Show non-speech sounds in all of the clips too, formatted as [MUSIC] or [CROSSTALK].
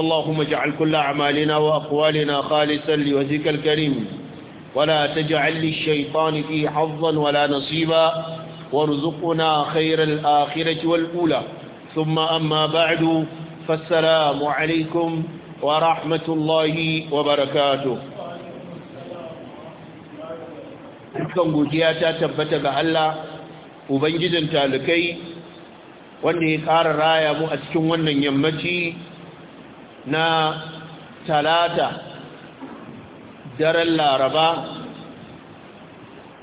اللهم اجعل كل أعمالنا وأقوالنا خالصا لوجهك الكريم ولا تجعل للشيطان فيه حظا ولا نصيبا وارزقنا خير الآخرة والأولى ثم أما بعد فالسلام عليكم ورحمة الله وبركاته dukkan godiya ta tabbata ga Allah ubangijin talikai wanda ya ƙara raya mu a cikin wannan yammaci na talata daren laraba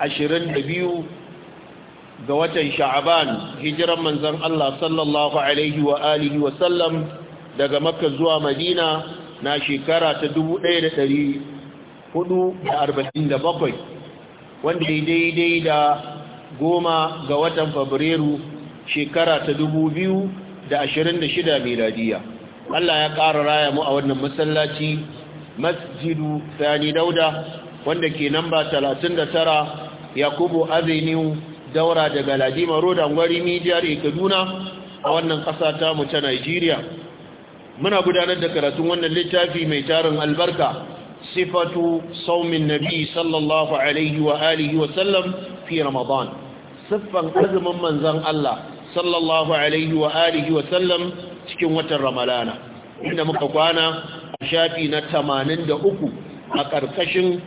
22 ga watan sha'aban hijiran manzan Allah sallallahu alaihi wa alihi wa sallam daga makka zuwa madina na shekara ta 1447 wanda daidai da goma ga watan fabrairu shekara ta 2026 miladiya Allah ya ƙara raya mu a wannan masallaci masjidu sani dauda wanda ke namba 39 yakubu avenue daura daga ladima road angwari mijiyar kaduna a wannan ƙasa ta mu ta nigeria muna gudanar da karatun wannan littafi mai tarin albarka sifatu saumin nabi sallallahu alaihi wa alihi wa sallam fi ramadan siffan azumin manzon Allah sallallahu alaihi wa alihi wa sallam cikin watan ramalana inda muka kwana a shafi na tamanin da uku a ƙarƙashin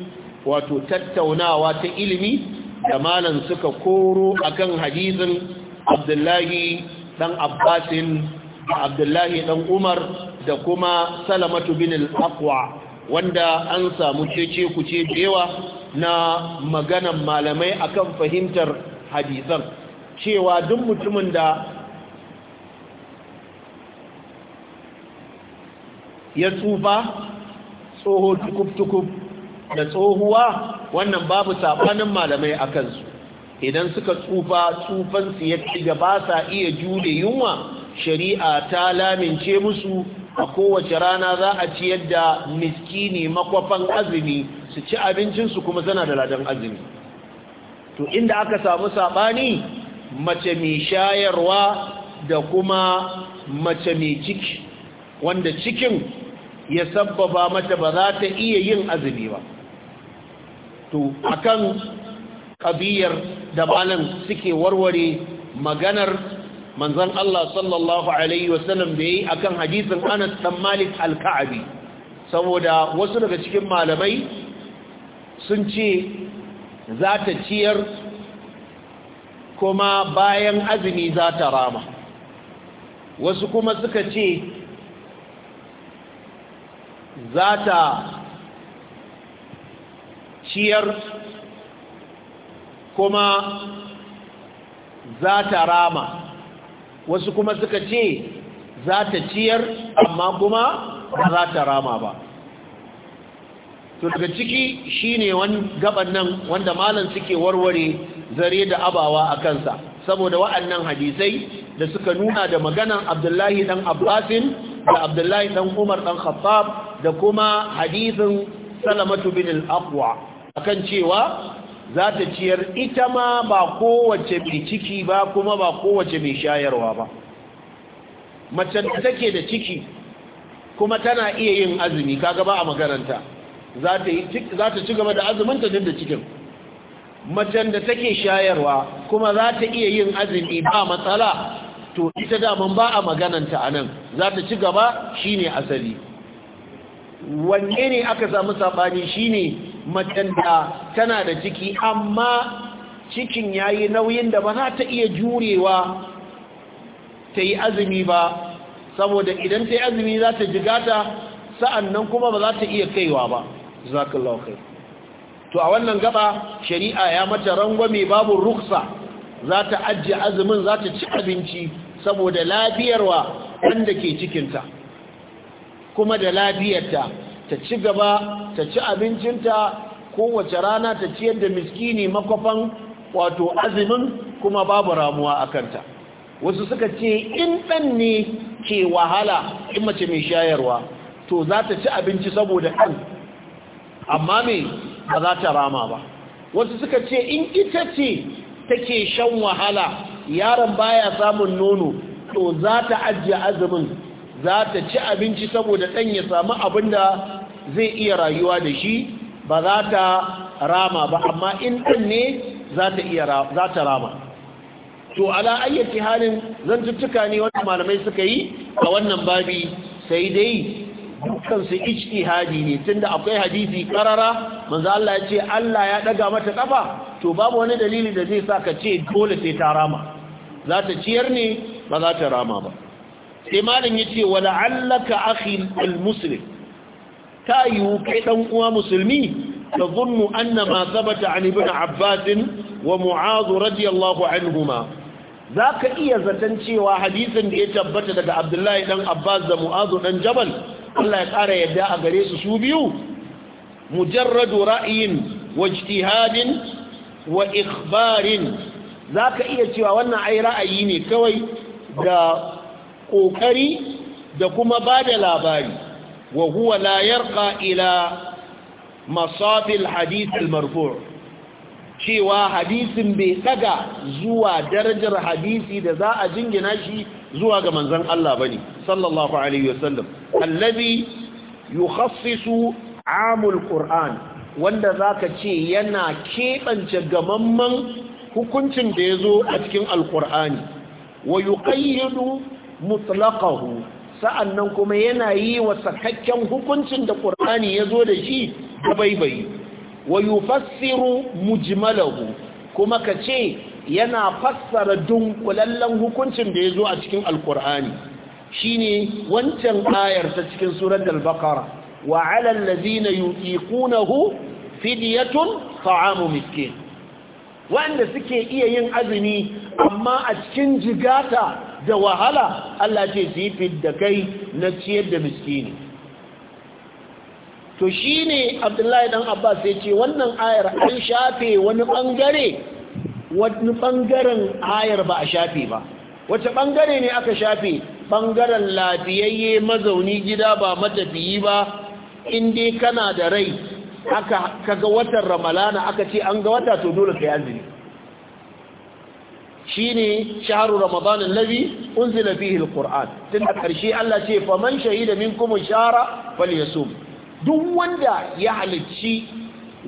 wato tattaunawa ta ilimi da malan suka koro akan hadizin abdullahi ɗan abbasin da abdullahi ɗan umar da kuma salamatu bin al'akwa wanda an samu cece kuce cewa na maganan malamai akan fahimtar Hadizan, cewa duk mutumin da ya tsufa tsoho tukub-tukub da tsohuwa wannan babu sabanin malamai a kansu idan suka tsufa tsufansu ya ci ba sa iya jude yunwa shari'a ta lamince musu a kowace rana za a ci yadda miskini makwafan azumi su ci abincinsu kuma suna da ladan azumi to inda aka samu sabani mace mai shayarwa da kuma mace mai ciki wanda cikin ya sabbaba mata ba za ta iya yin azumi ba to akan kabiyar da malam suke warware maganar manzon Allah sallallahu alaihi wasallam da yayi akan hadisin Anas dan Malik al-Ka'bi saboda wasu daga cikin malamai sun ce za ta ciyar kuma bayan azumi za ta rama wasu kuma suka ce za ta ciyar kuma za ta rama wasu kuma suka ce za ta ciyar amma kuma ba za ta rama ba to daga ciki shine wani gaban nan wanda malam suke warware zare da abawa a kansa saboda wa'annan hadisai da suka nuna da maganan abdullahi dan abbasin da abdullahi dan umar dan khattab da kuma hadithin salamatu bin al-aqwa akan cewa za ta ciyar ita ma ba kowace mai ciki ba kuma ba kowace mai shayarwa ba macen da take da ciki kuma tana iya yin azumi kaga ba a makaranta za ta ci gaba da azuminta din da cikin macen da take shayarwa kuma za ta iya yin azumi ba matsala to ita daman ba a magananta a nan za ta ci gaba shine asali wanne ne aka samu saɓani shine macen da tana da ciki amma cikin yayi nauyin da ba za ta iya jurewa ta yi azumi ba saboda idan ta yi azumi za ta jigata sa'annan kuma ba za ta iya kaiwa ba zakallahu kai to a wannan gaba shari'a ya mata rangwame babu ruksa za ta ajiye azumin za ta ci abinci saboda lafiyarwa wanda ke cikinta kuma da lafiyarta ta ci gaba ta ci abincinta kowace rana ta ciyar da miskini makwafan wato azumin kuma babu ramuwa a kanta wasu suka ce in ɗan ne ke wahala in mace mai shayarwa to za ta ci abinci saboda ɗan amma mai ba za ta rama ba wasu suka ce in ita ce take shan wahala yaron baya samun nono to za ta ajiye azumin za ta ci abinci saboda ɗan ya samu abin da zai iya rayuwa da shi ba za ta rama ba amma in ɗan ne za ta rama to ala ayyaki halin zan zantuttuka ne wani malamai suka yi a wannan babi sai dai dukkansu ijtihadi ne tunda akwai hadisi karara manzo Allah ya ce Allah ya ɗaga mata kafa to babu wani dalili da zai sa ka ce dole sai ta rama za ta ciyar ne ba za ta rama ba sai malam ya ce wala allaka akhi almuslim ta yiwu kai dan uwa musulmi da zunnu anna ma sabata an ibn abbas wa mu'azu radiyallahu anhuma zaka iya zaton cewa hadisin da ya tabbata daga abdullahi ɗan abbas da mu'azu ɗan jabal Allah ya ƙara yadda a gare su su biyu mujarradu ra'ayin wa ijtihadin wa ikhbarin zaka iya cewa wannan ai ra'ayi ne kawai da ƙoƙari da kuma ba da labari wa huwa la yarqa ila masafil hadith marfur. cewa hadisin bai daga zuwa darajar hadisi da za a jingina shi zuwa ga manzon Allah bane sallallahu alaihi wasallam allazi yukhassisu amul qur'an wanda zaka ce yana kebance gamamman hukuncin da yazo a cikin alqur'ani wa yuqayyidu mutlaqahu sa'annan kuma yana yi wa sakakken hukuncin da qur'ani yazo da shi gabaibayi wa yufassiru mujmalahu kuma kace yana fassara dunkulallen hukuncin da yazo a cikin alqur'ani shine wancan ayar ta cikin surar al-baqara wa 'alal ladina yutiqunahu fidyatun ta'amu miskin wanda suke iya yin azumi amma a cikin jigata da wahala Allah ce zifin da kai na ciyar da miskini to shi ne abdullahi dan abbas ya ce wannan ayar an shafe wani bangare wani bangaren ayar ba a shafe ba wace bangare ne aka shafe bangaren lafiyayye mazauni gida ba matafiyi ba in dai kana da rai aka kaga watan ramalana aka ce an ga wata to dole ka yi azumi shine shahru ramadan allazi unzila fihi alquran tun da karshe Allah ce faman shahida minkum shahra falyasum duk wanda ya halicci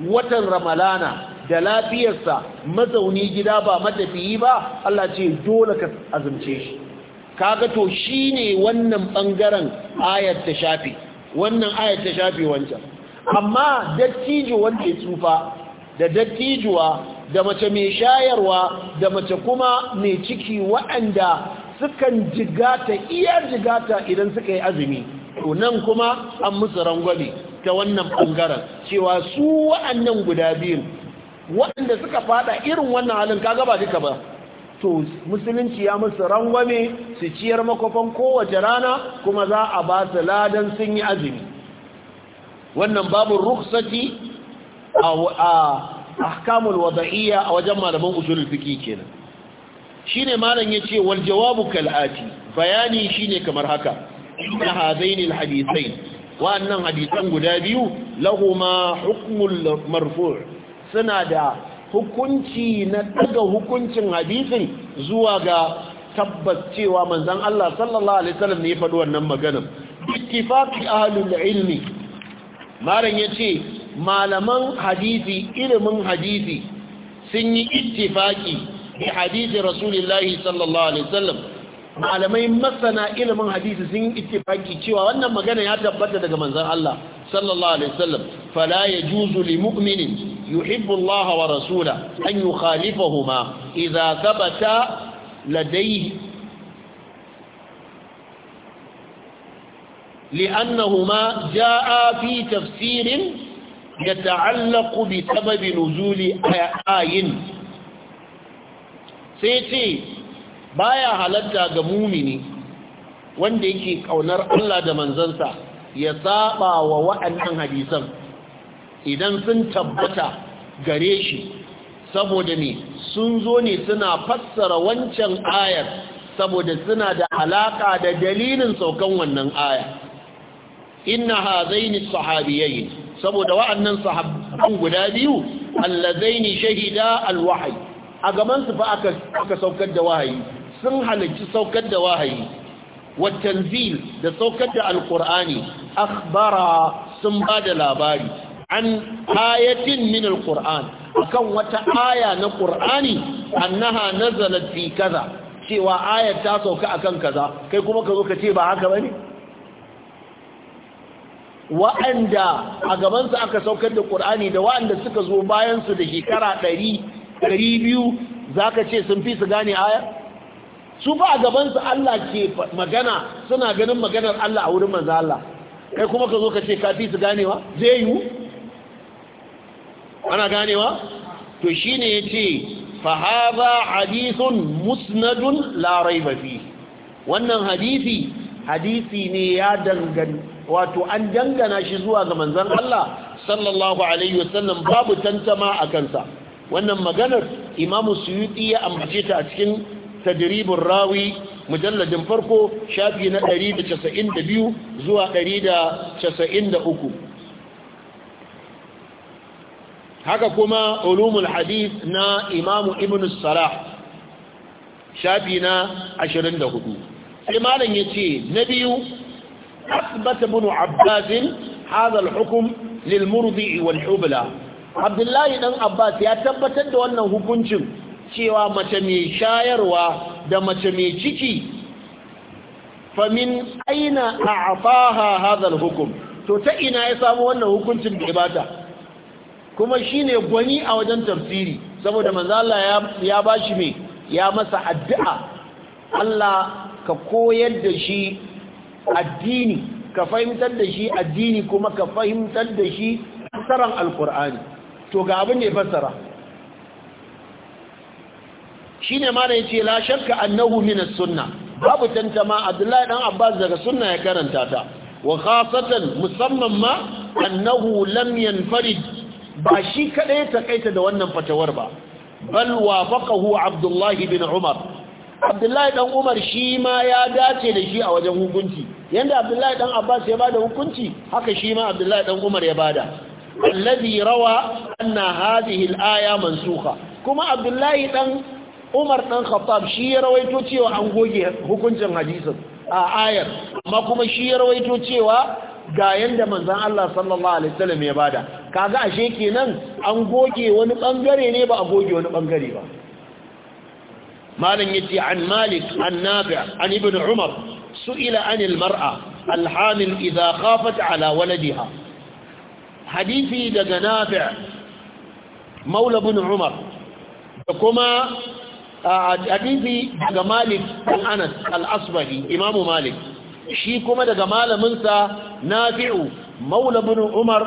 watan ramalana da lafiyarsa mazauni gida ba matafiyi ba Allah ce dole ka azumce shi kaga to shine wannan bangaren ayat ta shafi wannan ayat ta shafi wancan amma dattijo wanda ya tsufa da dattijuwa da mace mai shayarwa da mace kuma mai ciki waɗanda sukan jigata iya jigata idan suka yi azumi nan kuma an musu rangwame ta wannan ɓangaren cewa su wa'annan guda biyu waɗanda suka fada irin wannan halin kaga ba duka ba to musulunci ya musu rangwame su ciyar makofan kowace rana kuma za a ba su ladan sun yi azumi wannan babu ruksati a ahkamul wada'iyya a wajen malaman usulul fiqh kenan shine malam yace wal jawabu kal ati bayani shine kamar haka na hadaini al wa annan hadisan guda biyu lahuma hukmul marfu' suna da hukunci na daga hukuncin hadisin zuwa ga tabbas cewa manzon Allah sallallahu alaihi wasallam ne ya faɗi wannan magana ittifaqi ahlul ilmi malam yace malaman hadisi ilimin hadisi sun yi ittifaki bi hadisi rasulullahi sallallahu alaihi wasallam malamai masana ilimin hadisi sun yi ittifaki cewa wannan magana ya tabbata daga manzon Allah sallallahu alaihi wasallam fala yajuzu li mu'minin yuhibbu Allah wa rasula an yukhalifahuma idza thabata ladayhi لأنهما جاء في تفسير يتعلق bi نزول آيين سيتي sai ce baya halarta ga mumini wanda yake kaunar Allah da manzansa ya saba wa wa'annan hadisan idan sun tabbata gare shi saboda ne sun zo ne suna fassara wancan ayar saboda suna da alaka da dalilin saukan wannan aya inna hazaini sahabiyayin saboda wa'annan sahabban guda biyu allazaini shahida alwahyi a gaban su fa aka aka saukar da wahayi sun halarci saukar da wahayi wa tanzil da saukar da alqur'ani akhbara sun bada labari an ayatin min alqur'an akan wata aya na qur'ani annaha nazalat fi kaza cewa aya ta sauka akan kaza kai kuma ka zo ka ce ba haka bane wa'anda a gabansu aka saukar da ƙur'ani da wa'anda suka zo bayansu da shekara ɗari ɗari biyu za ka ce sun fi su gane aya? su ba a gabansu Allah ke magana suna ganin maganar Allah a wurin manza Allah kai kuma ka zo ka ce ka fi su ganewa zai yiwu? ana ganewa? to shi ne ya ce fahaza hadithun musnadun larai mafi wannan hadisi, hadisi ne ya danganta wato an dangana shi zuwa ga manzon Allah sallallahu alaihi wasallam babu tantama a kansa wannan maganar imamu suyuti ya ambace ta a cikin tadribin rawi mujalladin farko shafi na 192 zuwa 193 haka kuma ulumul hadith na imamu ibn salah shafi na 24 sai malam yace na biyu أثبت ابن عباس هذا الحكم للمرضع والحبلى عبد الله بن عباس يا da wannan hukuncin cewa mace mai shayarwa da mace mai ciki famin aina a'taha hadha al hukum. to ta ina ya samu wannan hukuncin da ibata kuma shine gwani a wajen tafsiri saboda Manzala ya ya bashi me ya masa addu'a Allah ka koyar da shi addini ka fahimtar da shi addini kuma ka fahimtar da shi fasaran alkur'ani to ga abin da ya fassara shi ne mara ya ce la shakka annahu minas sunna babu tantama abdullahi dan abbas daga sunna ya karanta ta wa khasatan musamman ma annahu lam yanfarid ba shi kadai ta kaita da wannan fatawar ba bal wafaqahu abdullahi bin umar abdullahi dan umar shi ma ya dace da shi a wajen hukunci yanda abdullahi dan abbas ya bada hukunci haka shi ma abdullahi dan umar ya bada alladhi rawa anna hadhihi al-aya mansukha kuma abdullahi dan umar dan khattab shi ya rawaito cewa an goge hukuncin hadisin a ayar amma kuma shi ya rawaito cewa ga yanda manzon Allah sallallahu alaihi wasallam ya bada kaga ashe kenan an goge wani bangare ne ba a goge wani bangare ba malam yace an malik an nabi an ibn umar su'ila anil mar'a alhamil idha khafat ala waladiha hadisi daga nabi maula ibn umar da kuma hadisi daga malik an anas al-asbari imamu malik shi kuma daga malaminsa nafi'u maula ibn umar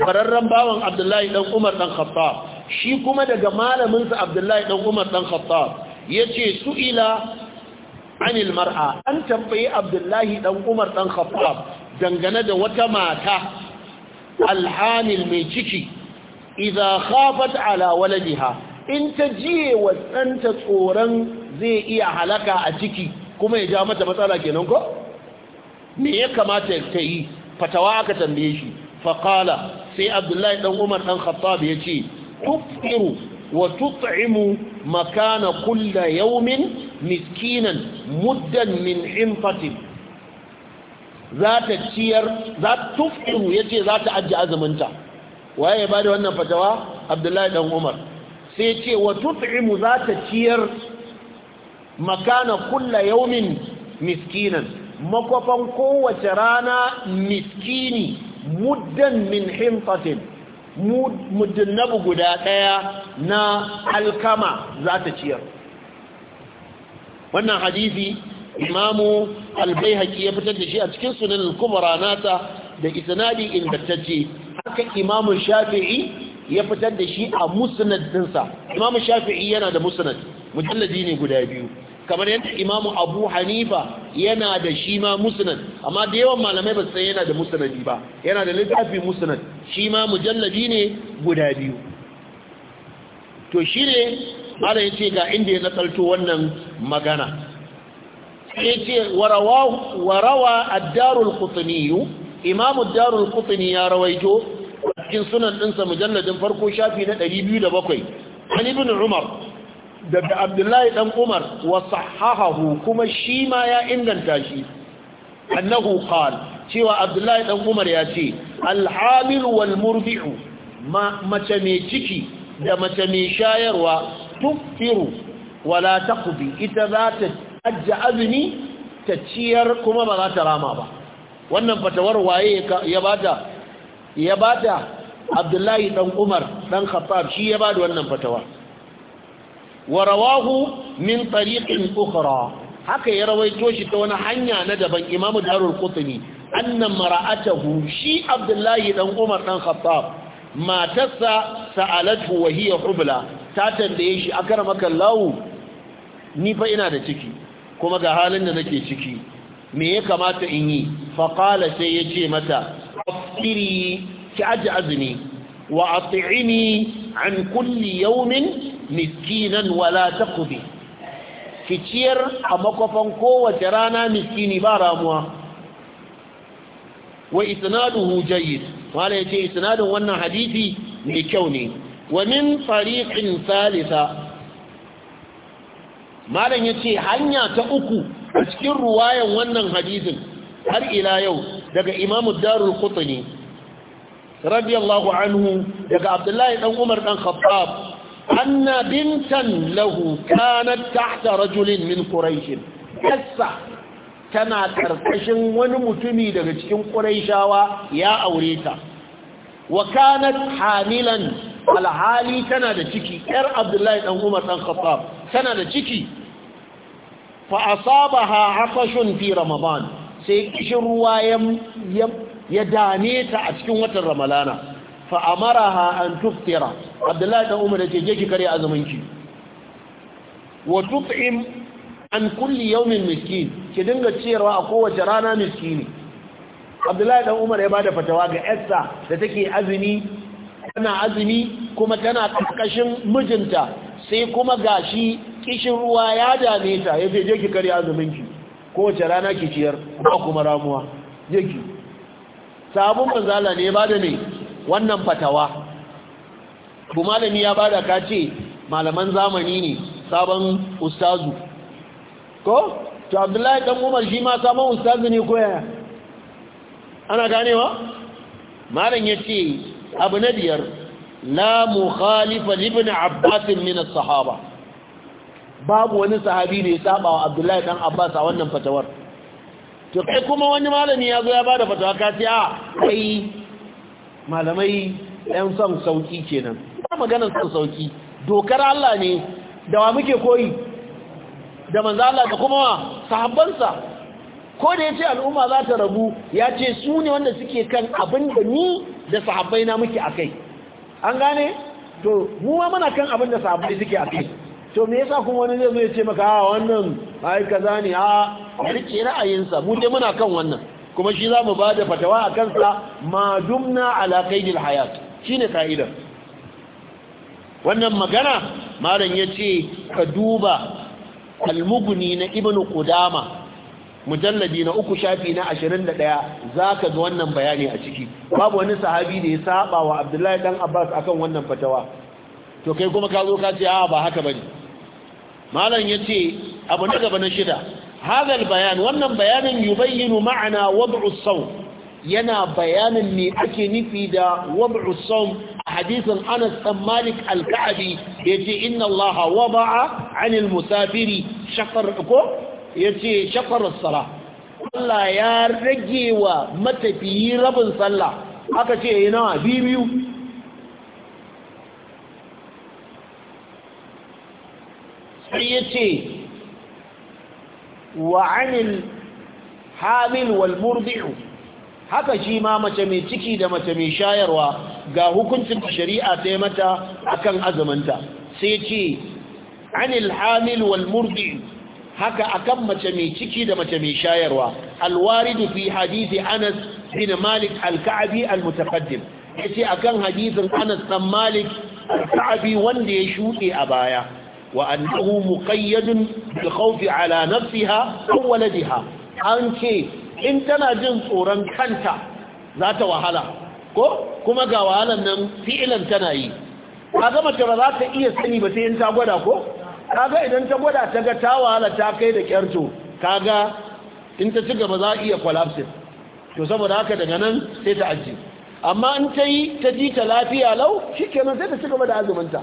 bararren bawan abdullahi dan umar dan khattab shi kuma daga malaminsa abdullahi dan umar dan khattab yace ila anil mar'a an tambayi abdullahi dan umar dan khattab dangane da wata mata alhamil mai ciki idza khafat ala waladiha in ta jiye wa tsanta tsoron zai iya halaka a ciki kuma ya ja mata matsala kenan ko me ya kamata ta yi fatawa aka tambaye shi faqala sai abdullahi dan umar dan khattab yace tufiru وتطعموا مكان كل يوم مسكينا مدا من انفته ذات تشير ذات تفطم يجي ذات اجي ازمنتا waye ba da wannan fatawa abdullahi dan umar sai ce wa tut'imu zata ciyar makana kulla yaumin miskinan makofan kowace rana miskini muddan min himfatin mudunnabu guda ɗaya na alkama za ta ciyar wannan hadisi imamu albaihaki ya fitar da shi a cikin sunan al-kubra nata da isnadi ingantacce haka imamun shafi'i ya fitar da shi a musnad Imamun shafi'i yana da musnad mujalladi ne guda biyu kamar yadda imamu abu hanifa yana da shi ma musnad amma da yawan malamai ba san yana da musnadi ba yana da littafi musnad shi ma mujalladi ne guda biyu to shi ne ala ya ce ga inda ya nakalto wannan magana ya ce warawa addarul kutuniyu imamu darul kutuni ya rawaito cikin sunan ɗinsa mujalladin farko shafi na 207 an ibn umar daga abdullahi Ɗan umar wa sahahahu kuma shi ma ya inganta shi annahu qala cewa abdullahi Ɗan umar ya ce alhamilu wal murdi'u mace mai ciki da mace mai shayarwa tufiru wala taqbi ita za ta ajja azumi ta ciyar kuma ba za ta rama ba wannan fatawar waye ya bata ya abdullahi Ɗan umar ɗan khattab shi ya bada wannan fatawar wa rawahu min tariqin ukhra haka ya rawaito shi ta wani hanya na daban imamu darul qutni anna mara'atahu shi abdullahi dan umar dan khattab matarsa sa'alatu wa hiya hubla ta tambaye shi akramaka Allah ni fa ina da ciki kuma ga halin da nake ciki me ya kamata in yi fa qala sai yace mata afiri ki aji azumi wa ati'ini an kulli yawmin miskinan wala taqbi ki ciyar a makofan kowace rana miskini ba ramuwa wa isnaduhu jayyid wala yace isnadin wannan hadisi mai kyau ne wa min fariqin salisa malam yace hanya ta uku a cikin ruwayan wannan hadisin har ila yau daga imamu darul qutni radiyallahu anhu daga abdullahi dan umar dan khattab anna bintan lahu kanat tahta rajulin min quraish kassa tana karkashin wani mutumi daga cikin quraishawa ya aure ta wa kanat hamilan alhali tana da ciki yar abdullahi dan umar dan khattab tana da ciki fa asabaha afashun fi ramadan sai kishin ruwa ya dame ta a cikin watan ramalana fa amaraha an tuftira abdullahi dan umar ce je ki kare azumin wa tut'im an kulli yaumin miskin ki dinga ciyarwa a kowace rana miskini abdullahi dan umar ya bada fatawa ga yarsa da take azumi tana azumi kuma tana karkashin mijinta sai kuma gashi kishin ruwa ya dame ta ce je ki kare azumin ki kowace rana ki ciyar ba kuma ramuwa je ki sabon manzala ne ba da ne wannan fatawa abu malami ya bada ka ce malaman zamani ne sabon ustazu ko to abdullahi dan umar shi ma sabon ustazu ne ko yaya ana ganewa malam ya ce abu na biyar la mukhalifa ibn abbas min sahaba babu wani sahabi da ya saba wa abdullahi dan abbas a wannan fatawar to kai kuma wani malami ya zo ya bada fatawa ka a ah, kai malamai ɗan son sauki kenan ba maganar son sauƙi. dokar Allah ne da wa muke koyi da manza Allah da kuma sahabbansa ko da ce al'umma za ta rabu ya ce su ne wanda suke kan abin da ni da sahabbai na muke kai. an gane to mu ma muna kan abin da sahabbai suke akai to me yasa kuma wani zai zo ya ce maka a ah, wannan ai kaza ne a ah, rike ra'ayinsa mu dai muna kan wannan kuma shi za mu ba da fatawa a kansa ma dumna ala kaidil hayat ne ka'idar wannan magana malam yace ka duba kalmuguni na ibn qudama mujalladi na uku shafi na ashirin da za zaka ga wannan bayani a ciki babu wani sahabi da ya saba wa abdullahi dan abbas akan wannan fatawa to kai kuma ka zo ka ce a ba haka bane malam yace abu na gaba na shida هذا البيان wannan bayanin yubayyinu ma'ana wad'u as-sawm yana bayanin me ake nufi da wad'u as-sawm a hadisin Anas bin Malik al-Ka'bi yace inna Allah wada'a 'an al-musafiri shaqar ko yace shaqar as-salah Allah ya rage wa matafiyi rabin sallah aka ce yana biyu sai yace وعن الحامل والمرضع haka shi ma mace mai ciki da mace mai shayarwa ga hukuncin shari'a ta mata akan azumanta sai ce anil hamil wal murdi haka akan mace mai ciki da mace mai shayarwa alwaridu fi hadisi Anas bin Malik al-Ka'bi al-mutaqaddim yace akan hadisin Anas ɗan Malik al-Ka'bi wanda ya shuɗe a baya وأنه مقيد بالخوف على نفسها أو ولدها أنك إن تناجن صورا كانت ذات وحالة كما قال أن فعلا تناي kaga mace ba za ta iya sani ba sai in ta gwada ko kaga idan ta gwada ta ga ta wahala ta kai da kyarto kaga in ta ci gaba za iya collapse to saboda haka daga nan sai ta aji amma in ta yi ta ji ta lafiya lau kenan sai ta ci gaba da azumin ta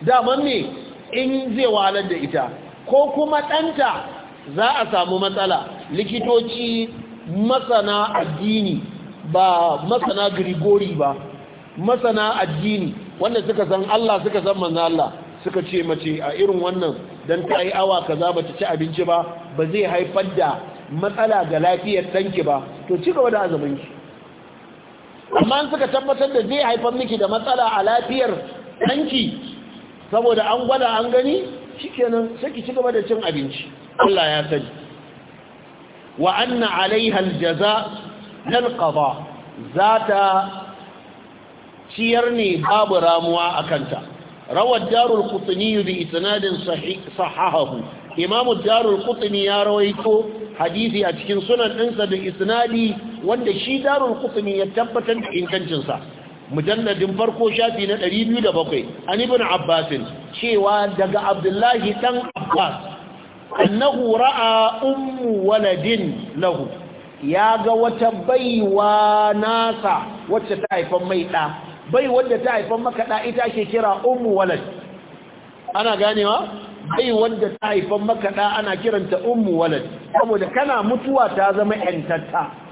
daman ne in zai wahalar da ita ko kuma ɗanta za a samu matsala likitoci masana addini ba masana grigori ba masana addini wanda suka san Allah suka san manzo Allah suka ce mace a irin wannan dan ta yi awa kaza bata ci abinci ba ba zai haifar da matsala ga lafiyar danki ba to ci gaba da azumin ki amma suka tabbatar da zai haifar miki da matsala a lafiyar danki saboda an gwada an gani shikenan sai ki ci gaba da cin abinci Allah ya sani wa anna alaiha aljaza lal qada zata ciyar ne babu ramuwa akanta rawad darul qutni bi isnadin sahih Imam darul qutni ya rawaito hadisi a cikin sunan ɗinsa da isnadi wanda shi darul qutni ya tabbatar da ingancinsa mujalladin farko shafi na 207 an ibn Abbasin. cewa daga abdullahi dan abbas annahu ra'a ummu waladin lahu ya ga wata baiwa nasa wacce ta haifan mai da bai wanda ta haifan maka da ita ake kira ummu walad ana ganewa bai wanda ta haifan maka da ana kiranta ummu walad saboda kana mutuwa ta zama yantatta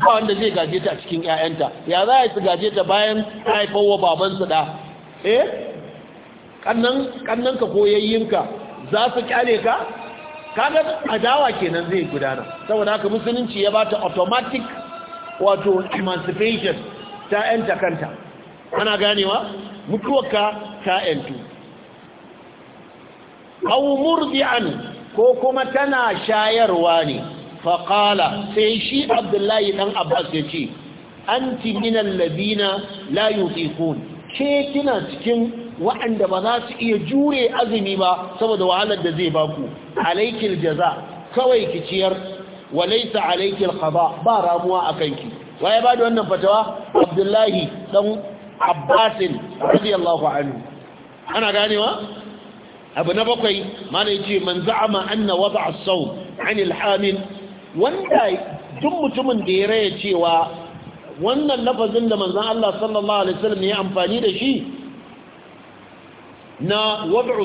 ba wanda zai gaje ta cikin ƴaƴanta ya za a su gaje ta bayan haifawa babansa da eh kannan kannan ka koyayyinka za su kyale ka kaga adawa kenan zai gudana saboda haka musulunci ya bata automatic wato emancipation ta ƴanta kanta ana ganewa mutuwarka ta ƴantu aw murdi'an ko kuma tana shayarwa ne faƙala sai shi abdullahi ɗan abbas ya ce an timinan labina layu ikon ke kina cikin wa'anda ba za su iya jure azumi ba saboda wahalar da zai baku alaikil jaza kawai ki ciyar walaita alaikil khaba ba ramuwa a kanki waye ba da wannan fatawa abdullahi ɗan abbasin radiyallahu anhu ana ganewa abu na bakwai mana ce man za'ama an na as-sawm 'an ilhamin. wanda duk mutumin da ya raya cewa wannan lafazin da manzan Allah sallallahu Alaihi wasallam ya amfani da shi na wad'u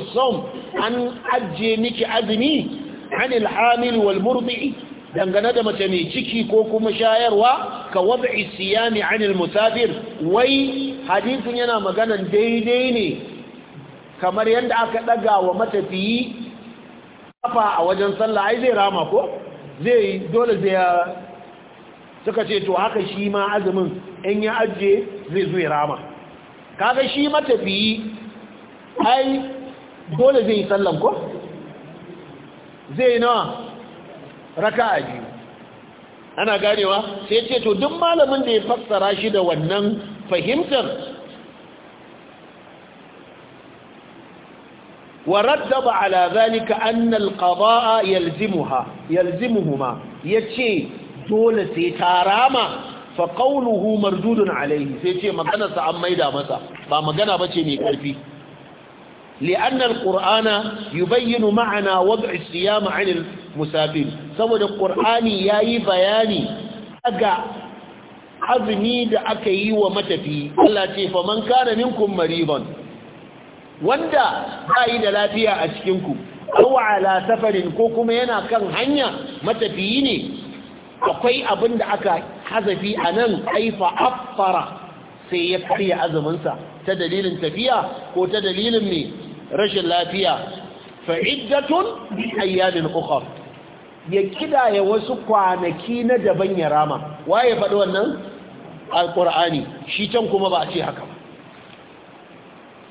an ajiye miki azumi an ilhamil wal murdi dangane da mace mai ciki ko kuma shayarwa ka wad'i siyami an musafir wai hadisin yana maganan daidai ne kamar yadda aka daga wa matafiyi kafa a wajen sallah ai zai rama ko zai dole zai ya suka ce to haka shi ma azumin in ya ajiye zai zuwa rama kaga shi matafiyi ai dole zai sallan ko zai nawa raka a ana ganewa sai ce to duk malamin da ya fassara shi da wannan fahimtar ورتب على ذلك أن القضاء يلزمها يلزمهما يتشي دولة تاراما فقوله مردود عليه سيتشي مغانا سأميدا مسا فمغانا بشي ميكالفي لأن القرآن يبين معنا وضع الصيام عن المسافر سوى القرآن ياي بياني أقع azumi da aka yi wa matafi Allah ce fa man kana minkum mariban wanda ba yi da lafiya a cikinku aw ala safarin ko kuma yana kan hanya matafiyi ne akwai abin da aka hazafi a nan haifa affara sai ya karya azuminsa ta dalilin tafiya ko ta dalilin mai rashin lafiya fa'iddatun bi ayyamin ya kidaya wasu kwanaki na daban ya rama waye faɗi wannan Alƙur'ani? shi can kuma ba a ce haka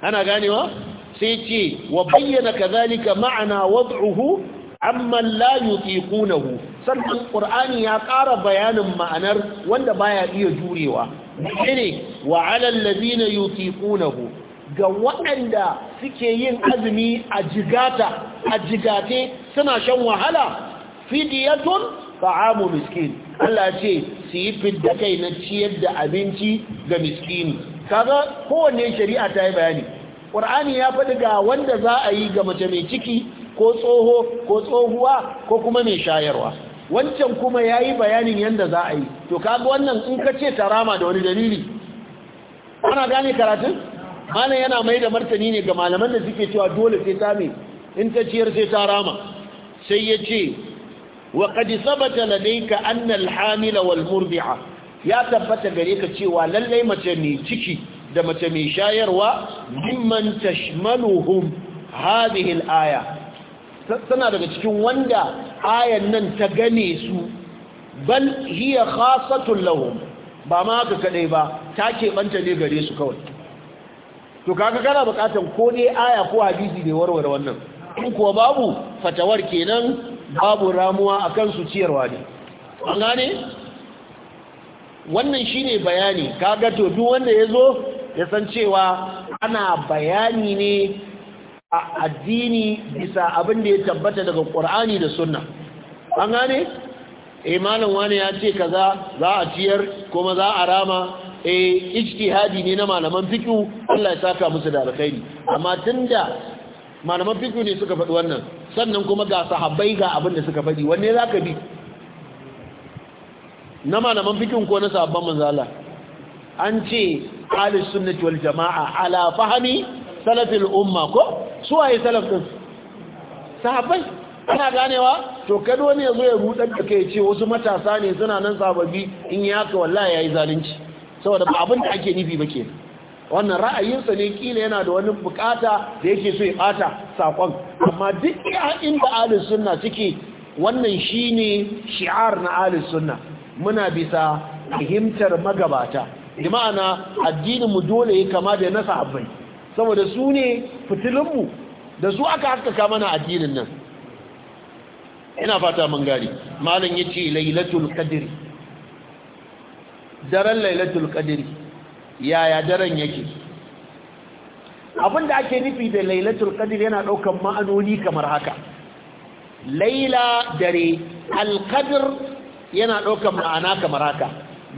ana ganewa sai ce wa bayyana kazalika ma'ana wad'uhu amma la yutiqunahu sannan qur'ani ya ƙara bayanin ma'anar wanda baya iya jurewa ne wa 'alal ladina yutiqunahu ga waɗanda suke yin azumi a jigata a jigate suna shan wahala fidiyatun ta'amu miskin Allah ce su yi fidda kai na ciyar da abinci ga miskini kaga kowanne shari'a ta yi bayani ƙur'ani ya faɗi ga wanda za a yi ga mace mai ciki ko tsoho ko tsohuwa ko kuma mai shayarwa wancan kuma ya yi bayanin yadda za a yi to kaga wannan in ka ce tarama da wani dalili ana gane karatun mana yana mai da martani ne ga malaman da suke cewa dole sai ta mai in ta ciyar sai ta rama sai ya ce wa qad sabata ladayka anna hamila wal murbi'a. ya tabbata gare ka cewa lallai mace mai ciki da mace mai shayarwa mimman tashmaluhum hadhihi alaya aya daga cikin wanda ayan nan ta gane su bal hiya khasatun lahum ba ma ka kadai ba ta ke banta ne gare su kawai to kaga kana bukatan ko dai aya ko hadisi ne warware wannan in kuwa babu fatawar kenan babu ramuwa akan su ciyarwa ne an gane wannan shine bayani kaga to duk wanda zo ya san cewa ana bayani ne a addini bisa abin da ya tabbata daga Qur'ani da Sunna an gane eh malam wani ya ce kaza za a ciyar kuma za a rama eh ijtihadi ne na malaman fiqh Allah ya saka musu da alkhairi amma tunda malaman fiqh ne suka faɗi wannan sannan kuma ga sahabbai ga abin da suka faɗi wanne zaka bi na malaman fikin ko na sabon manzala an ce alis sunnati wal jama'a ala fahami salafil umma ko su waye salaf din sahabbai ana ganewa to kada wani yazo ya rudar da kai ce wasu matasa ne suna nan sababi in ya haka wallahi yayi zalunci saboda ba abin da ake nufi ba ke wannan ra'ayinsa ne kila yana da wani bukata da yake so ya bata sakon amma duk inda alis sunna suke wannan shine shi'ar na alis sunna muna bisa fahimtar magabata da ma'ana addinin mu dole ya kama da nasa sahabbai saboda su ne fitilinmu da su aka haskaka mana addinin nan ina fata mun gari malam yace lailatul qadri daren lailatul qadri yaya daren yake abinda ake nufi da lailatul qadri yana daukan ma'anoni kamar haka laila dare alqadr yana ɗaukar ma'ana kamar haka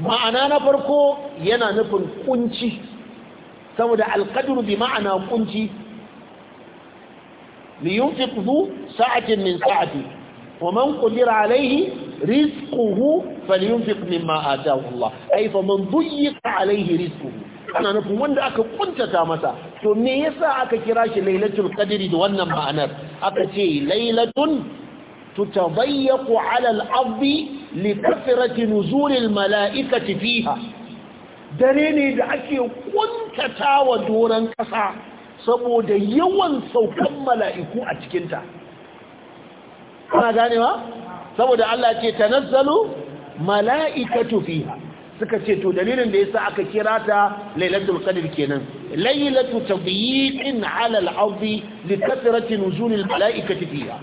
ma'ana na farko yana nufin kunci saboda alƙadur bi ma'ana kunci liyunfiq zu sa'atin min sa'ati wa man qadira alayhi rizquhu falyunfiq mimma ataahu Allah ay fa man duyyiqa alayhi rizquhu ana nufin wanda aka ƙuntata masa to me yasa aka kira shi lailatul qadri da wannan ma'anar aka ce lailatun تتضيق على الأرض لكثرة نزول الملائكة فيها دريني دعكي كنت تاوى دورا كسا سبود يوان سوكم ملائكو أتكنت أنا جاني ما سبود الله تتنزل ملائكة فيها suka ce to dalilin da yasa aka kira ta lailatul qadr kenan laylatu tadyiqin ala al-ardi li kathrati nuzul al-mala'ikati fiha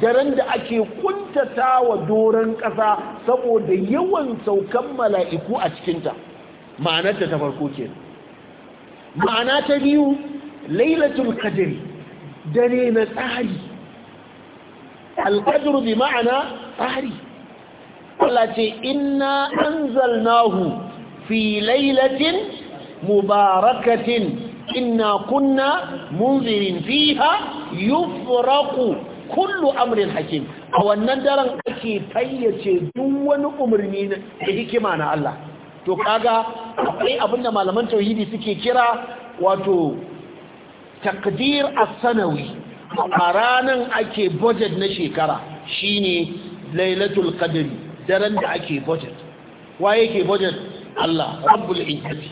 daren da ake kuntata wa doron ƙasa saboda yawan saukan mala'iku a cikinta ma'anarta ta farko ke ma'ana ta biyu lailatul qadri dare na tsari alqadru bi ma'ana tsari Allah ce inna anzalnahu fi lailatin mubarakatin inna kunna munzirin fiha yufraqu kullu amrin hakim a wannan daren ake fayyace duk wani umarni da hikima na Allah to kaga akwai abinda malaman tauhidi suke kira wato takdir as-sanawi a ranan ake budget na shekara shine lailatul qadr daren da ake budget wa yake budget Allah rabbul izzati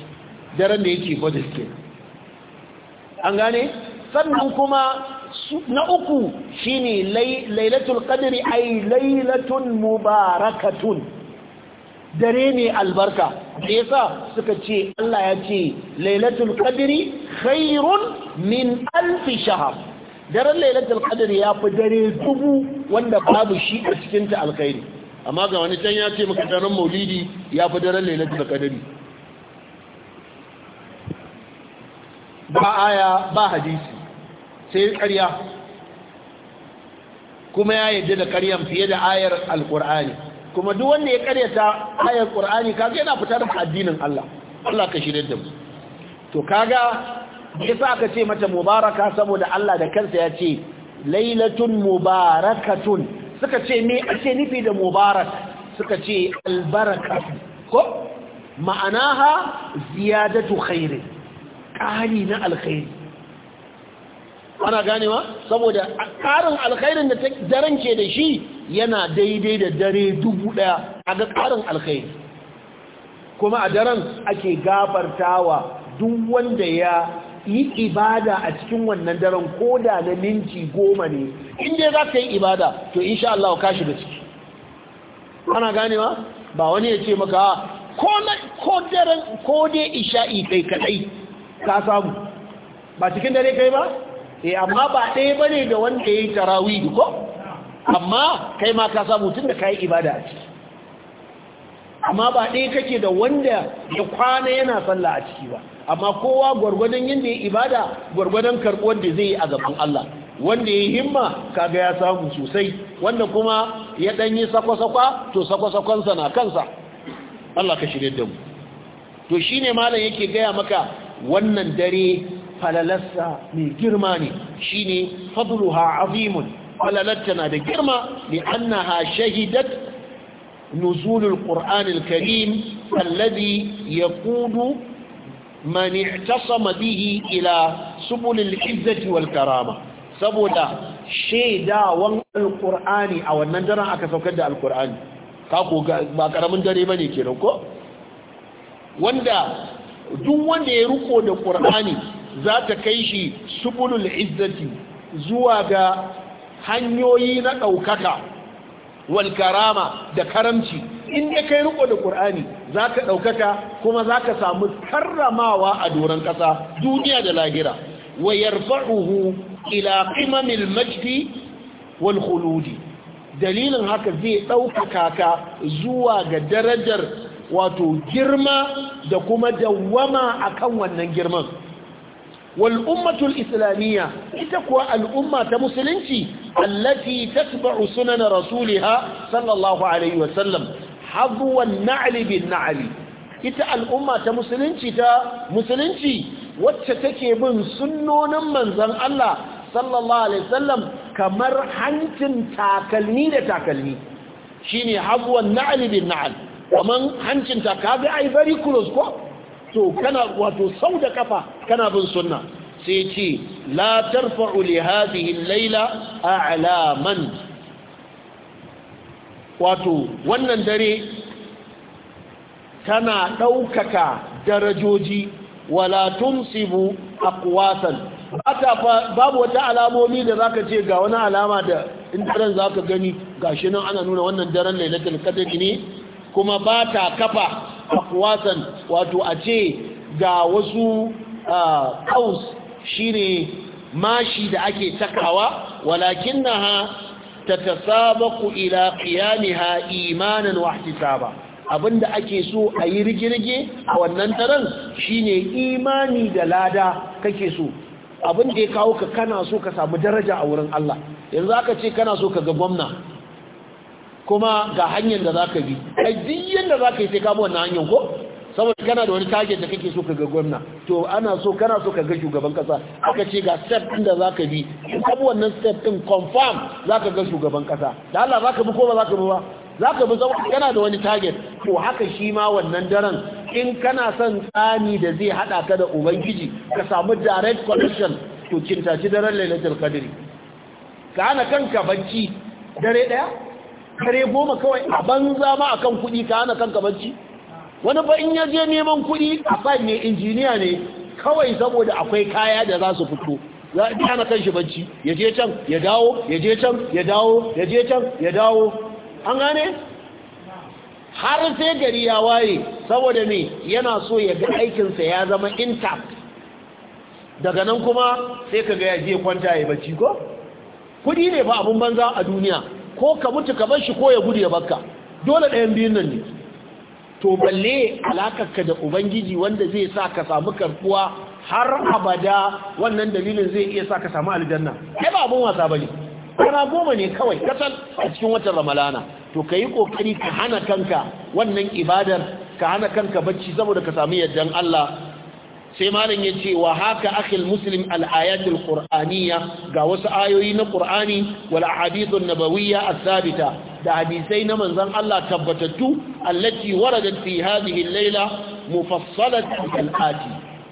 daren da yake budget ke an gane sannan kuma na uku shine lailatul qadri ai lailatun mubarakatun dare ne albarka da yasa suka ce Allah ya ce lailatul qadri khairun min alfi shahr daren lailatul qadri ya fi dare dubu wanda babu shi a cikin ta alkhairi amma ga wani can ya ce maka daren maulidi ya fi daren lailatul qadri ba aya ba hadisi sai karya kuma ya yadda da ƙaryan fiye da ayar alƙur'ani kuma duk wanda ya ƙaryata ayar ƙur'ani kaga yana fita da addinin Allah Allah ka shirye da mu to kaga yasa aka ce mata mubaraka saboda Allah da kansa ya ce lailatun mubarakatun suka ce me ake nufi da mubarak suka ce albaraka ko ma'anaha ziyadatu khairi ƙari na alkhairi ana ganewa saboda ƙarin alkhairin da daren ke da shi yana daidai da dare dubu ɗaya a ga ƙarin alkhairi kuma a daren ake gafartawa duk wanda ya yi ibada a cikin wannan daren ko da na minti goma ne inda za ka yi ibada to insha Allah ka shiga ciki ana ganewa ba wani ya ce maka ah, ko daren ko dai isha'i kai kadai ka samu ba cikin dare kai ba eh amma ba ɗaya bane da wanda yayi tarawih ko amma kai ma ka samu tun da kai ibada a ciki amma ba ɗaya kake da wanda ya kwana yana sallah a ciki ba amma kowa gwargwadon yin da ya ibada gwargwadon karɓuwar da zai yi a gaban Allah wanda ya himma kaga ya samu sosai wanda kuma ya ɗan yi sakwasakwa to sakwasakwansa na kansa Allah ka shirya da mu to shi ne malam yake gaya maka wannan dare falalarsa mai girma ne shine fadluha azimun falalarta na da girma li'annaha shahidat nuzulul qur'anil karim alladhi yaqudu man i'tasama bihi ila subulil izzati wal karama saboda shaidawan alƙur'ani a wannan daren aka saukar da alqur'ani ka ba karamin dare ba ne kenan ko wanda duk wanda ya riko da ƙur'ani za ta kai shi subulul izzati zuwa ga hanyoyi na ɗaukaka wal karama da karamci in ya kai riko da ƙur'ani za ka ɗaukaka kuma za ka samu karramawa a doron ƙasa duniya da lahira wa yarfa'uhu ila qimamil majdi wal khuludi dalilin haka zai ɗaukaka ka zuwa ga darajar wato girma da kuma dawwama akan wannan girman wal’ummatul islamiyya ita kuwa al’umma ta musulunci allafi ta tuba usunan rasuli ha sallallahu alaihi ita al’umma ta musulunci ta musulunci wacce take bin sunonin manzan Allah sallallahu kamar hancin takalmi da takalmi shine shi ne haguwan na’ali bin na’ali to kana wato sau da kafa kana bin sunna sai ce la tarfa'u li hadhihi al a'laman wato wannan dare tana ɗaukaka darajoji wala tunsibu aqwatan babu wata alamomi da zaka ce ga wani alama da in daren zaka gani gashi nan ana nuna wannan daren laila qadr ne kuma ba ta kafa afwatan wato a ce ga wasu kaus shine mashi da ake takawa walakinnaha ku ila ha imanin wa saba abinda ake so a yi rigirge a wannan daren shine imani da lada kake so abinda ya kawo ka kana so ka samu daraja a wurin Allah yanzu aka ce kana so ka ga gwamna kuma ga hanyar da za ka bi kai duk yadda za ka yi sai ka wannan hanyar ko saboda kana da wani target da kake so ka ga gwamna to ana so kana so ka ga shugaban kasa aka ce ga step din da ka bi in ka bi wannan step din confirm za ka ga shugaban kasa da Allah ka bi ko ba ka bi ba Za ka bi saboda kana da wani target to haka shi ma wannan daren in kana son tsani da zai hada ka da ubangiji ka samu direct connection to kintaci daren lailatul qadri ka hana kanka bacci dare daya Kare goma kawai a banza ma akan kuɗi ka hana kanka bacci wani ba in ya je neman kuɗi a ba mai injiniya ne kawai saboda akwai kaya da za su fito za a hana kanshi bacci ya je can ya dawo ya je can ya dawo ya je can ya dawo an gane har sai gari ya waye saboda ne yana so ya ga aikinsa ya zama intact daga nan kuma sai ka ga ya je kwanta ya bacci ko kudi ne ba abun banza a duniya ko ka mutu ka bar shi ko ya gudu ya bakka dole ɗayan biyun nan ne to balle alakarka da ubangiji wanda zai sa ka samu karbuwa har abada wannan dalilin zai iya sa ka samu aljanna ai ba abun wasa bane kana goma ne kawai kasal a cikin watan ramalana to yi kokari ka hana kanka wannan ibadar ka hana kanka bacci saboda ka samu yaddan Allah sai malam ya ce wa haka akil muslim al'ayatul ayatul ga wasu ayoyi na ƙur'ani wal ahadithun nabawiyya a sabita da hadisai na manzon Allah tabbatattu allati waradat fi hadhihi al-laila mufassalatan al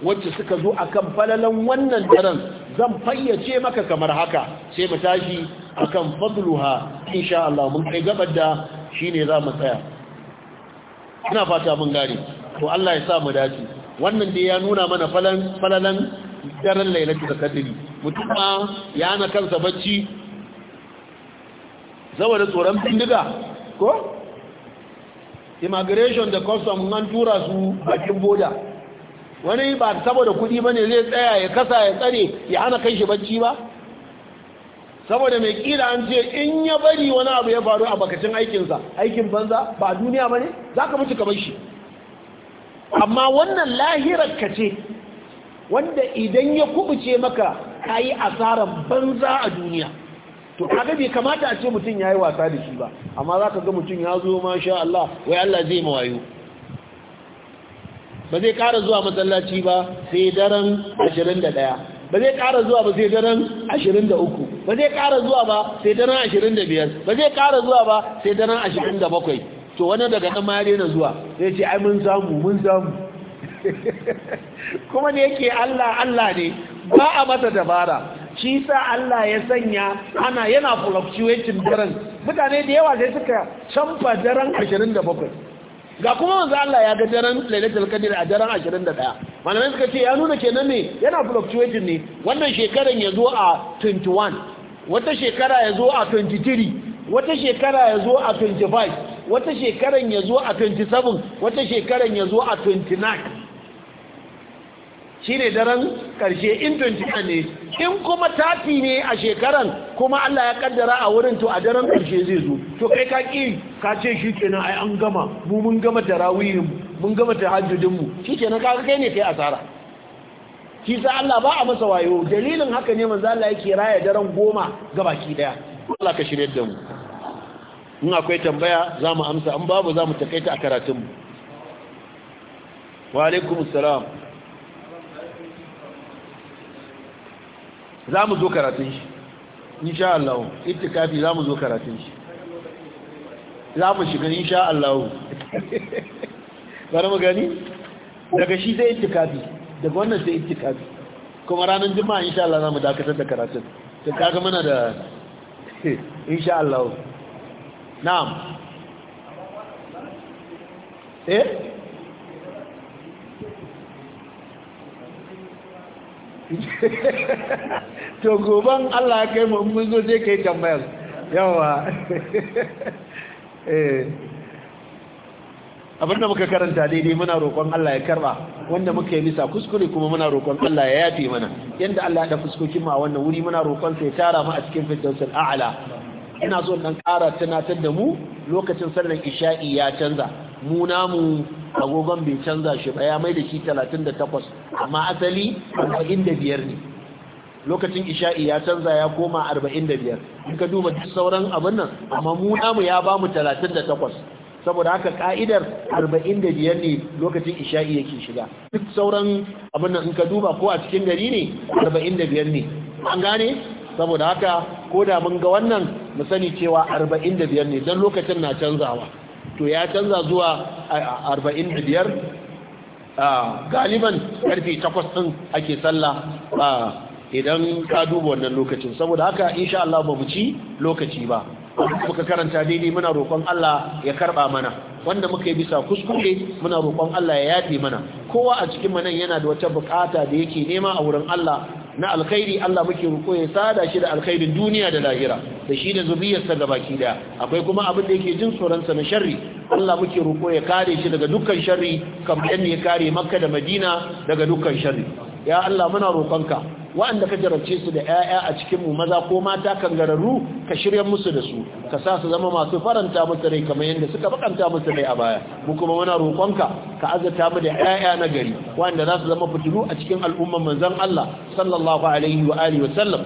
wacce suka zo akan falalan wannan daren zan fayyace maka kamar haka sai mu tashi akan fadluha insha Allah mun kai gabar da ne za mu tsaya ina fata mun gane to Allah ya sa mu dace wannan dai ya nuna mana falalan daren da kadiri mutum ma ya na kansa bacci saboda tsoron bindiga ko immigration da custom an tura su bakin boda wani ba saboda kudi bane zai tsaya ya kasa ya tsare ya hana kai shi bacci ba saboda mai kila an ce in ya bari wani abu ya faru a bakacin aikinsa aikin banza ba duniya bane zaka mutu ka bar shi amma wannan lahirar ka ce wanda idan ya kubuce maka ka yi asarar banza a duniya to kaga bai kamata a ce mutum ya yi wasa da shi ba amma za ka ga mutum ya zo masha Allah wai Allah zai mawayo ba zai kara zuwa matsalaci ba sai daren 21 ba zai kara zuwa ba sai daren 23 ba zai kara zuwa ba sai daren 25 ba zai kara zuwa ba sai daren 27 to wani daga nan ma daina zuwa ya ce ai mun samu mun samu [LAUGHS] kuma ne yake Allah Allah ne ba a mata dabara shi sa Allah ya sanya ana yana fluctuating daren mutane da yawa zai suka canfa daren 27 ga kuma wanzu Allah ya ga daren lailatul qadr a daren 21 malamai suka ce ya nuna kenan ne yana fluctuating ne wannan shekaran ya zo a 21 wata shekara ya zo a 23 wata shekara ya zo a 25 wata shekaran ya zo a 27 wata shekaran ya zo a 29 shi ne daren ƙarshe in 29 ne in kuma tafi ne a shekaran kuma Allah ya kaddara a wurin to a daren ƙarshe zai zo to kai ka ƙi ka ce shi nan ai an gama mu mun gama tarawihin mun gama tahajjudinmu shi kenan ka kai ne kai asara shi sa Allah ba a masa wayo dalilin haka ne manzo Allah yake raya daren goma gaba ki daya Allah ka shirye da mu in akwai tambaya za mu amsa an babu za mu takaita a karatunmu wa alaikum salam za mu zo karatun shi insha Allah itikafi za mu zo karatun shi za mu shiga insha Allah [LAUGHS] bari mu gani daga shi sai itikafi daga wannan sai itikafi kuma ranar juma'a insha Allah za mu dakatar da karatun ta kaga mana da [LAUGHS] insha Allah na'am eh [LAUGHS] to goban Allah kai mu mun zo je kai tambayar yawa [LAUGHS] eh abinda muka karanta daidai muna roƙon Allah ya karba wanda muka yi bisa kuskure kuma muna roƙon Allah ya yafe mana yanda Allah ya da fuskokin mu a wannan wuri muna roƙon sa ya tara mu a cikin fitdausul a'la ina so dan ƙara tunatar da mu lokacin sallar isha'i ya canza mu namu agogon bai canza shi ba ya mai da shi 38 amma asali 45 ne lokacin isha'i ya canza ya koma 45 in ka duba duk sauran abin nan amma mu namu ya bamu 38 saboda haka ka'idar 45 ne lokacin isha'i yake shiga duk sauran abin nan in ka duba ko a cikin gari ne 45 ne an gane saboda haka ko da mun ga wannan mu sani cewa 45 ne dan lokacin na canzawa to ya canza zuwa 45 galiban karfe 8 din ake sallah idan ka duba wannan lokacin saboda haka insha Allah ba mu ci lokaci ba muka karanta daidai muna roƙon Allah ya karɓa mana wanda muka yi bisa kuskure muna roƙon Allah ya yaɗe mana kowa a cikin manan yana da wata bukata da yake nema a wurin Allah na alkhairi Allah muke roƙo ya sada shi da alkhairin duniya da lahira da shi da zuriyarsa da baki daya akwai kuma abin da yake jin tsoron sa na sharri Allah muke roƙo ya kare shi daga dukkan sharri kamar yadda ya kare Makka da Madina daga dukkan sharri ya Allah muna roƙonka wa'anda ka jarabce su da 'ya'ya a cikin maza ko mata kan kangararru ka shirya musu da su ka sa su zama masu faranta musu rai kamar yadda suka bakanta musu rai a baya mu kuma muna roƙonka ka azata mu da 'ya'ya na gari wa'anda za su zama fitilu a cikin al'ummar manzon Allah sallallahu alaihi wa alihi wa sallam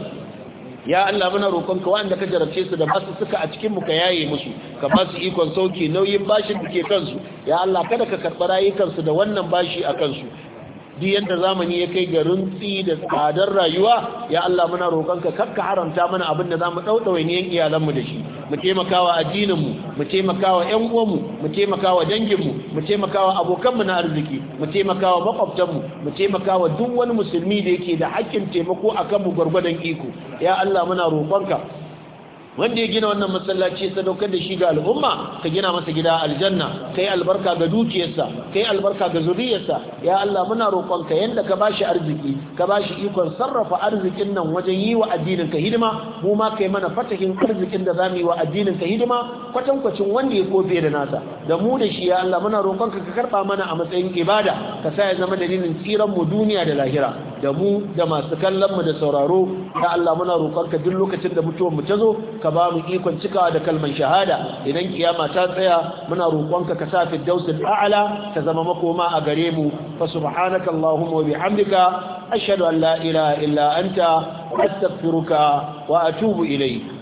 ya Allah muna roƙonka wanda ka jarabce su da basu suka a cikin mu ka yaye musu ka ba su ikon sauki nauyin bashin da ke kansu ya Allah kada ka karɓi rayukansu da wannan bashi a kansu duk yadda zamani ya kai garin tsi da tsadar rayuwa ya Allah muna roƙonka kakka haramta mana abin da zamu ɗauɗa ne yan iyalanmu da shi mu taimakawa addininmu mu taimakawa ƴan uwanmu mu taimakawa danginmu mu taimakawa abokanmu na arziki mu taimakawa makwabtanmu mu taimakawa duk wani musulmi da yake da haƙƙin taimako akan mu gwargwadon iko ya Allah muna roƙonka wanda ya gina wannan masallaci sadaukar da shi ga al'umma ka gina masa gida aljanna kai albarka ga dukiyarsa kai albarka ga zuriyarsa ya Allah muna roƙonka yanda ka bashi arziki ka bashi ikon sarrafa arzikin nan wajen yi wa addinin ka hidima mu ma kai mana fatahin arzikin da zamu yi wa addinin ka hidima kwatankwacin wanda ya kofe da nasa da mu da shi ya Allah muna roƙonka ka karba mana a matsayin ibada ka sa ya zama dalilin tsiran mu duniya da lahira da mu da masu kallon mu da sauraro ya Allah muna roƙonka duk lokacin da mutuwar mu ta zo ka ba mu ikon cikawa da kalman shahada idan kiyama ta tsaya muna roƙonka ka sa firdausul a'la ta zama makoma a gare mu fa subhanaka allahumma wa bihamdika ashhadu an la ilaha illa anta astaghfiruka wa atubu ilayk